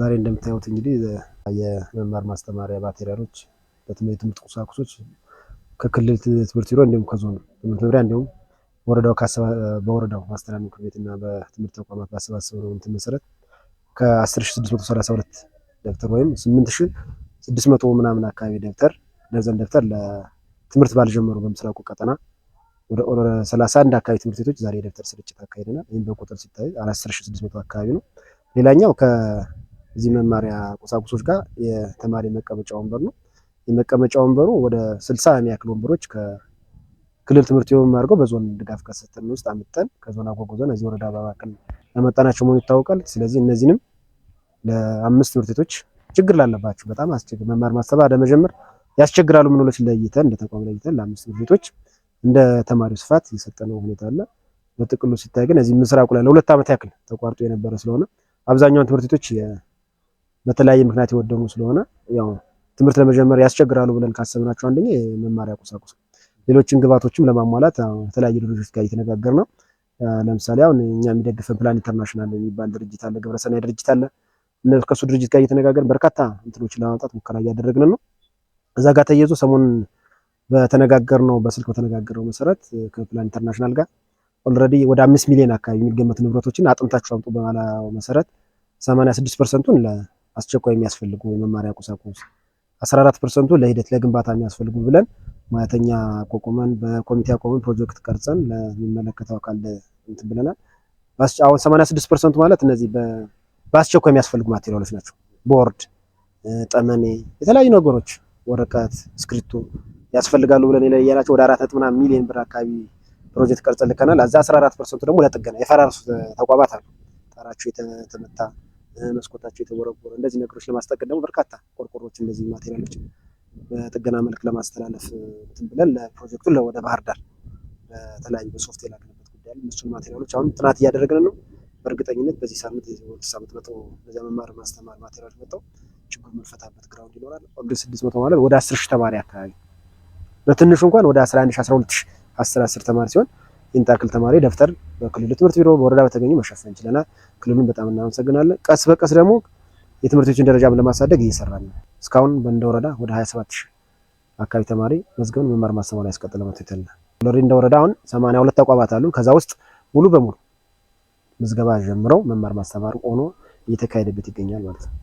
ዛሬ እንደምታዩት እንግዲህ የመማር ማስተማሪያ ማቴሪያሎች የትምህርት ቁሳቁሶች ከክልል ትምህርት ቢሮ እንዲሁም ከዞን ትምህርት መምሪያ እንዲሁም ወረዳው በወረዳው ማስተዳደር ምክር ቤት እና በትምህርት ተቋማት ባሰባሰበው እንትን መሰረት ከ10632 ደብተር ወይም 8600 ምናምን አካባቢ ደብተር ደርዘን ደብተር ለትምህርት ባልጀመሩ በምስራቁ ቀጠና ወደ 31 አካባቢ ትምህርት ቤቶች ዛሬ የደብተር ስርጭት አካሂደናል። ይህም በቁጥር ሲታይ 10600 አካባቢ ነው። ሌላኛው እዚህ መማሪያ ቁሳቁሶች ጋር የተማሪ መቀመጫ ወንበር ነው። የመቀመጫ ወንበሩ ወደ ስልሳ የሚያክል ወንበሮች ከክልል ትምህርት ቤት አድርገው በዞን ድጋፍ ከሰጠን ውስጥ አምጥተን ከዞን አጓጉዘን እዚህ ወረዳ አባባቅን ለመጣናቸው መሆኑ ይታወቃል። ስለዚህ እነዚህንም ለአምስት ትምህርት ቤቶች ችግር ላለባቸው በጣም አስቸግር መማር ማስተማር ለመጀመር ያስቸግራሉ ምንሎች ለይተን እንደ ተቋም ለይተን ለአምስት ትምህርት ቤቶች እንደ ተማሪው ስፋት የሰጠነው ሁኔታ አለ። በጥቅሉ ሲታይ ግን እዚህ ምስራቁ ላይ ለሁለት ዓመት ያክል ተቋርጦ የነበረ ስለሆነ አብዛኛውን ትምህርት ቤቶች በተለያየ ምክንያት የወደሙ ስለሆነ ያው ትምህርት ለመጀመር ያስቸግራሉ ብለን ካሰብናቸው አንደኛ የመማሪያ ቁሳቁስ፣ ሌሎችን ግብዓቶችም ለማሟላት የተለያዩ ድርጅቶች ጋር እየተነጋገር ነው። ለምሳሌ አሁን እኛ የሚደግፈን ፕላን ኢንተርናሽናል የሚባል ድርጅት አለ፣ ግብረሰናይ ድርጅት አለ። ከእሱ ድርጅት ጋር እየተነጋገርን በርካታ እንትኖችን ለማምጣት ሙከራ እያደረግን ነው። እዛ ጋር ተያይዞ ሰሞኑን ነው በስልክ በተነጋገርነው መሰረት ከፕላን ኢንተርናሽናል ጋር ኦልሬዲ ወደ አምስት ሚሊዮን አካባቢ የሚገመቱ ንብረቶችን አጥንታችሁ አምጡ በማለው መሰረት ሰማንያ ስድስት ፐርሰንቱን አስቸኳይ የሚያስፈልጉ የመማሪያ ቁሳቁስ 14 ፐርሰንቱ ለሂደት ለግንባታ የሚያስፈልጉ ብለን ማያተኛ አቋቁመን በኮሚቴ አቋቁመን ፕሮጀክት ቀርጸን ለሚመለከተው አካል እንትን ብለናል። አሁን 86 ፐርሰንቱ ማለት እነዚህ በአስቸኳይ የሚያስፈልጉ ማቴሪያሎች ናቸው። ቦርድ፣ ጠመኔ፣ የተለያዩ ነገሮች ወረቀት፣ እስክሪብቶ ያስፈልጋሉ ብለን የለያላቸው ወደ አራት ነጥብ ምናምን ሚሊዮን ብር አካባቢ ፕሮጀክት ቀርጸን ልከናል። እዛ 14 ፐርሰንቱ ደግሞ ለጥገና የፈራረሱ ተቋማት አሉ ጣራቸው የተመታ መስኮታቸው የተቦረቦረ እንደዚህ ነገሮች ለማስጠገን ደግሞ በርካታ ቆርቆሮች እንደዚህ ማቴሪያሎች በጥገና መልክ ለማስተላለፍ እንትን ብለን ለፕሮጀክቱን ወደ ባህር ዳር በተለያዩ በሶፍት የላክንበት ጉዳይ እነሱን ማቴሪያሎች አሁን ጥናት እያደረግን ነው። በእርግጠኝነት በዚህ ሳምንት ሁለት ሳምንት መጥተው በዚያ መማር ማስተማር ማቴሪያሎች መጥተው ችግር የምንፈታበት ግራውንድ ይኖራል። ወደ ስድስት መቶ ማለት ወደ አስር ሺህ ተማሪ አካባቢ በትንሹ እንኳን ወደ አስራ አንድ ሺህ አስራ ሁለት ሺህ አስር አስር ተማሪ ሲሆን ይህን ታክል ተማሪ ደብተር በክልሉ ትምህርት ቢሮ በወረዳ በተገኙ መሸፈን ችለናል። ክልሉን በጣም እናመሰግናለን። ቀስ በቀስ ደግሞ የትምህርቶችን ደረጃ ለማሳደግ እየሰራን ነው። እስካሁን በእንደ ወረዳ ወደ 27 ሺህ አካባቢ ተማሪ መዝገብን መማር ማስተማር ያስቀጥለ መትተልና ሎሪ እንደ ወረዳ አሁን 82 ተቋማት አሉ። ከዛ ውስጥ ሙሉ በሙሉ ምዝገባ ጀምረው መማር ማስተማር ሆኖ እየተካሄደበት ይገኛል ማለት ነው።